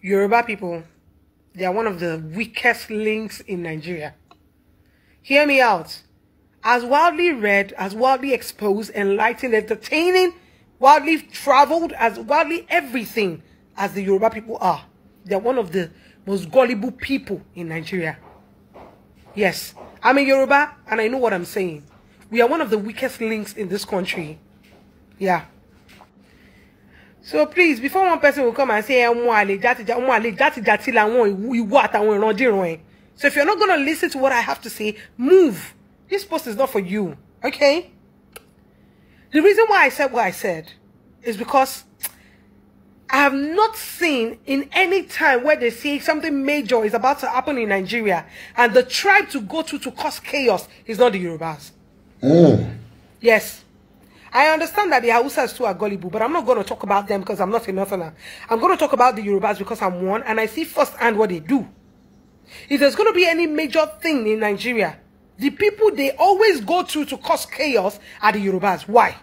Yoruba people, they are one of the weakest links in Nigeria. Hear me out. As wildly read, as wildly exposed, enlightened, entertaining, wildly traveled, as wildly everything as the Yoruba people are, they're one of the most gullible people in Nigeria. Yes, I'm a Yoruba and I know what I'm saying. We are one of the weakest links in this country. Yeah so please before one person will come and say ọmọ eh, àlè játijá ọmọ àlè játijàti làwọn ìwọ àtàwọn ìrandíran ẹ so if you're not gonna listen to what I have to say move this post is not for you okay the reason why I said what I said is because I have not seen in any time where they say something major is about to happen in Nigeria and the tribe to go to to cause chaos is not the Yorubas. Mm. Yes. I understand that the Hausas too are gullible, but I'm not going to talk about them because I'm not a northerner. I'm going to talk about the Yorubas because I'm one and I see firsthand what they do. If there's going to be any major thing in Nigeria, the people they always go to to cause chaos are the Yorubas. Why?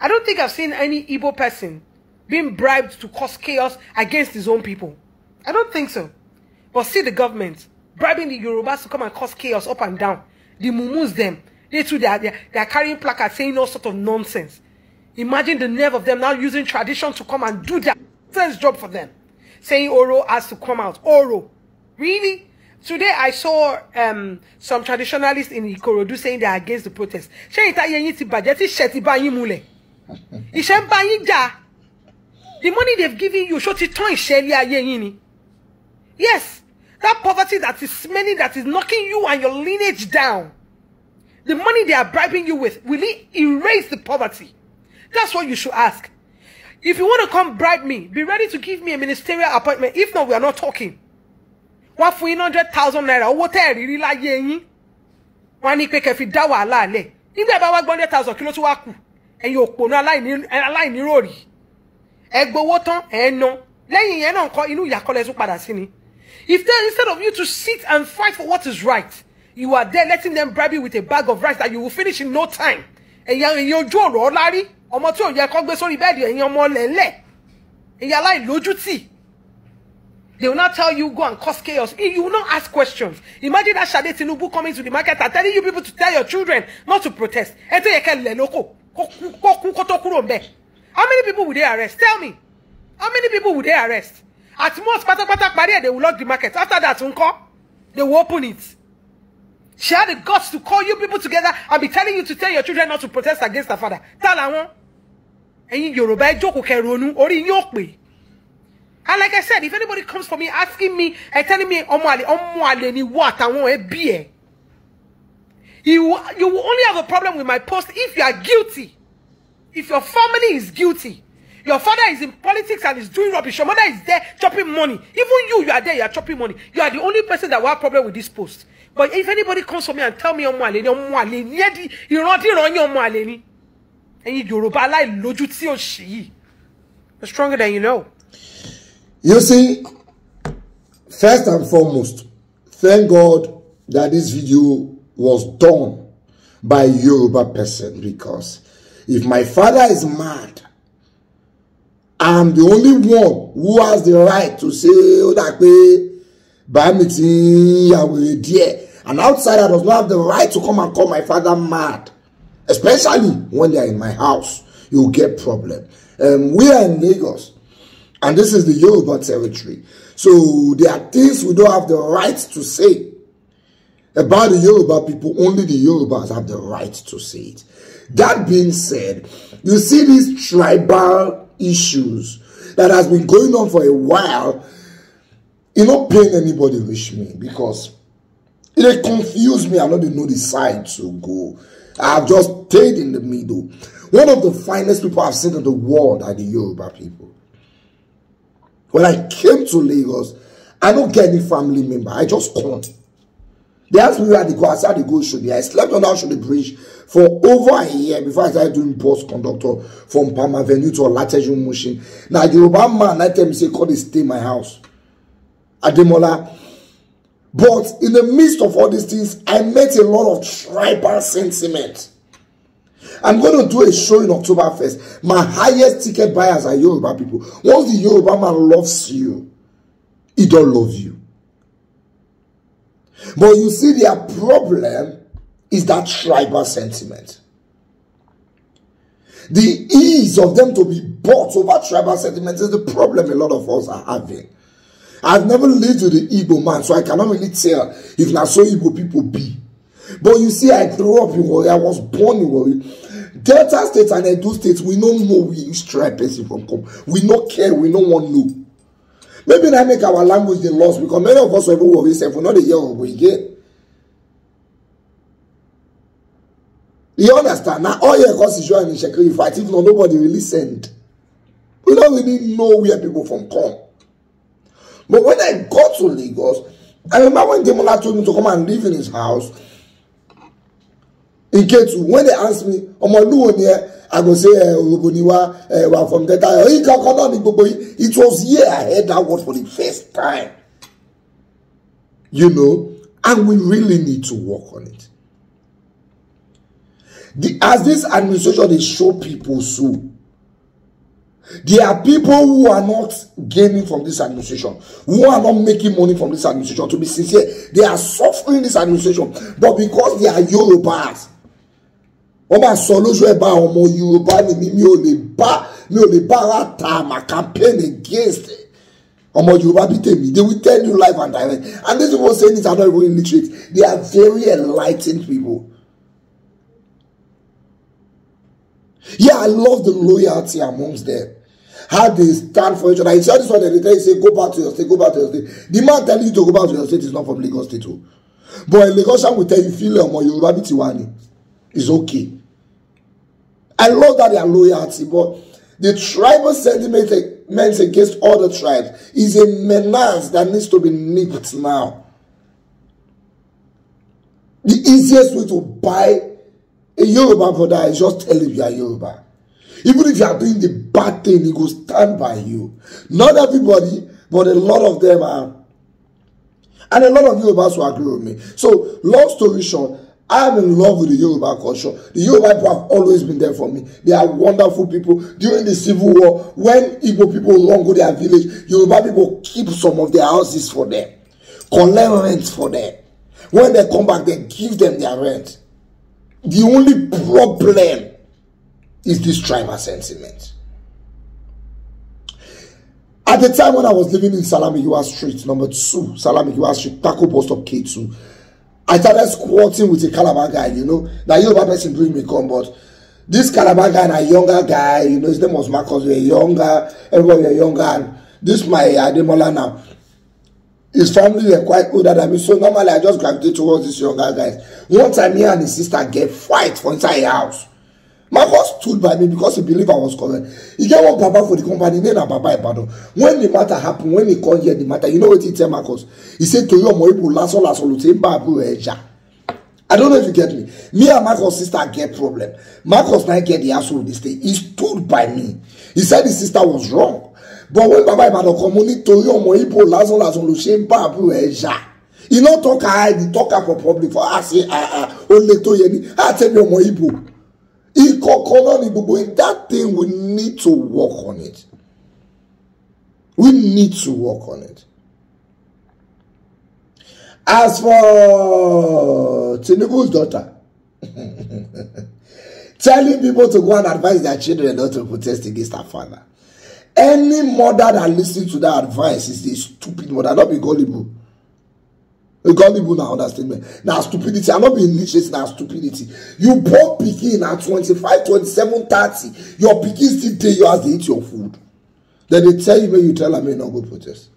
I don't think I've seen any Igbo person being bribed to cause chaos against his own people. I don't think so. But see the government bribing the Yorubas to come and cause chaos up and down. The Mumus them, They too, they are, they are, they are carrying placards saying all sort of nonsense. Imagine the nerve of them now using tradition to come and do their nonsense job for them. Saying Oro has to come out. Oro. Really? Today I saw um, some traditionalists in Ikorodu saying they are against the protest. Ṣé ìta yẹn yín ti bàjẹ́ tí ṣẹ̀ ti bá The money they've given you ṣó ti tán ìṣẹ́ Yes, that poverty that is many that is knocking you and your lineage down the money they are bribing you with, will it erase the poverty? That's what you should ask. If you want to come bribe me, be ready to give me a ministerial appointment. If not, we are not talking. One for yín hundred thousand naira What tẹ́ ẹ̀ rírí láyé yín. Wọ́n á ní pé kẹfì dá wàhálà lẹ̀. Nígbà bá wá gbọ́ hundred thousand kí ló tún A kù? Ẹ̀yin òpònú aláìníròrí. Ẹ gbowó tán ẹ̀ ń ná. Lẹ́yìn yẹn náà nǹkan inú ìyàkọ́lẹ̀ tún padà sí ni. If there instead of you to sit and fight for what is right, You are there letting them bribe you with a bag of rice that you will finish in no time. Ẹ̀yà ẹ̀yìn ojú ọ̀rọ̀ ọ̀lárí ọmọ tí ò yẹ kó gbé sórí bẹ́ẹ̀dì ẹ̀yìn ọmọ lẹ́lẹ̀ ẹ̀yà lojuti. They will not tell you go and cause chaos. You will not ask questions. Imagine that Sade Tinubu coming to the market and telling you people to tell your children not to protest. Ẹ tó yẹ kẹ́ lẹ̀ lóko kó kú kó tó How many people would they arrest? Tell me. How many people would they arrest? At most pátápátá parí ẹ̀ they will lock the market. After that, ńkọ́? They will open it. She had the guts to call you people together and be telling you to tell your children not to protest against their father. Ta làwọn. Ẹ̀yin Yorùbá ẹ jókòó kẹ́ ronú, orí And like I said, if anybody comes for me asking me and telling me omwale omwale ọmọ àlè ni wá àtàwọn ẹbí ẹ. You you will only have a problem with my post if you are guilty. If your family is guilty. Your father is in politics and is doing rubbish. Your mother is there chopping money. Even you, you are there, you are chopping money. You are the only person that will have problem with this post. But if anybody comes to me and tell me ọmọ àlè ni ọmọ àlè ni edi ìran tí ìran yín ọmọ àlè ni. Ẹ̀yin Yorùbá aláìlójú tí ò ṣì yìí. You're stronger than you know. You see, first and foremost, thank God that this video was done by Yoruba person because if my father is mad, I'm the only one who has the right to say ó dà pé bàámi ti ń yàwèrè An outsider does not have the right to come and call my father mad, especially when they are in my house. You get problem. Um, we are in Lagos, and this is the Yoruba territory. So there are things we don't have the right to say about the Yoruba people. Only the Yorubas have the right to say it. That being said, you see these tribal issues that has been going on for a while. You not paying anybody rich me because It dey confuse me i not even know the side to go i just stayed in the middle one of the finest people i've seen in the world are the yoruba people when i came to lagos i no get any family member i just come they asked me where i go i said i dey go shodi i slept under the bridge for over a year before i started doing bus conductor from palm avenue to a olateju machine. Now the yoruba man I tell me say call dey stay my house ademola But in the midst of all these things, I met a lot of tribal sentiment. I'm going to do a show in October 1st. My highest ticket buyers are Yoruba people. Once the Yoruba man loves you, he don't love you. But you see, their problem is that tribal sentiment. The ease of them to be bought over tribal sentiment is the problem a lot of us are having. I've never lived with the Igbo man, so I cannot really tell if not so Igbo people be. But you see, I grew up in Warri, I was born in Warri. Delta State and Edo State, we don't know we use tribe person from come. We don't care, we don't want to know. Maybe that make our language the lost because many of us were even Warri, we not a year ago again. You understand? Now all your constitution is sacrificed. If not, nobody really send. We don't really know where people from come. But when I got to Lagos, I remember when Demola told me to come and live in his house. In Ketu, when they asked me, Omoluwo ni ẹ, I go say, eh, Olobo ni wa, eh, from Delta. It was here I heard that word for the first time. You know, and we really need to work on it. The, as this administration dey show people so There are people who are not gaining from this administration, who are not making money from this administration. To be sincere, they are suffering this administration, but because they are Yorubas. wọ́n máa sọ lóṣù ẹ̀ bá ni mi mi ò lè bá mi ò lè bá ara ta my campaign against ọmọ Yorùbá bí tèmi they will tell you life and direct and these people saying this are not even illiterate they are very enlightened people. Yeah, I love the loyalty amongst them how they stand for each other. He said this one, they tell he say, go back to your state, go back to your state. The man telling you to go back to your state is not from Lagos State. Too. Oh. But a Lagosian will tell you, feel ọmọ Yorùbá bí tiwa ni. It's okay. I love that they are loyalty, but the tribal sentiment against all the tribes is a menace that needs to be nipped now. The easiest way to buy a Yoruba brother is just tell him you are Yoruba. Even if you are doing the bad thing, he will stand by you. Not everybody, but a lot of them are. And a lot of you will agree with me. So, long story short, I'm in love with the Yoruba culture. The Yoruba people have always been there for me. They are wonderful people. During the Civil War, when Igbo people long go their village, Yoruba people keep some of their houses for them, collect rent for them. When they come back, they give them their rent. The only problem is this tribal sentiment. At the time when I was living in Salami Yua Street, number two, Salami Yua Street, Taco Post Stop K2, I started squatting with a Calabar guy, you know. Now, Yoruba person bring me come, but this Calabar guy and a younger guy, you know, his name was Marcos. were younger, everybody were younger, and this my Ademola now. His family were quite older than me, so normally I just gravitate towards these younger guys. One time, me and his sister get fight for inside the house. Marcus stood by me because he believed I was correct. He get one Baba for the company, then Baba Ibadan. When the matter happened, when he come here, the matter, you know what he tell Marcus? He said to you, Moibu, Lasso, Lasso, Lutin, abu Eja. I don't know if you get me. Me and Marcus' sister get problem. Marcus now get the asshole this day. He stood by me. He said his sister was wrong. But when Baba Ibadan come, only to you, Moibu, Lasso, Lasso, Lutin, abu Eja. He not talk high, he talk up for public for us, ah, ah, ah, only to you, I tell you, Moibu ìkọ̀kọ̀ ni gbogbo that thing we need to work on it we need to work on it as for Tinubu's daughter telling people to go and advise their children not to protest against her father any mother that listens to that advice is a stupid mother not be gullible godly people na understatement Now stupidity I'm not being illiterate Now stupidity you both begin at twenty-five twenty-seven thirty your pikin still day you house dey eat your food Then they tell you make you tell them make not no go protest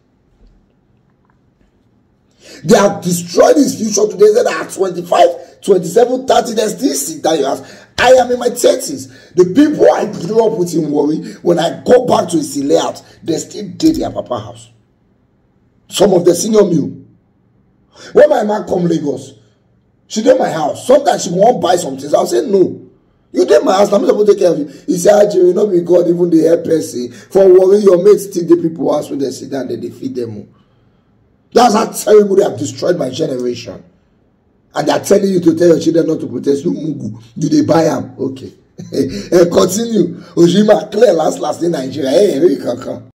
they have destroyed his future today say that at twenty-five twenty-seven thirty dem still sit down your house i am in my thirties the people i grew up with in worry when i go back to his layout dem still did their papa house some of the senior mule. When my man come Lagos, she did my house. Sometimes she won't buy some things. I'll say no. You did my house, I'm supposed to take care of you. He said, actually, you not be God, even the help person. For worrying your mates still the people house when they sit down, they defeat them. That's how terrible they have destroyed my generation. And they're telling you to tell your children not to protest. You mugu. Do they buy them? Okay. continue. Ojima, clear last last in Nigeria. Hey, you can come.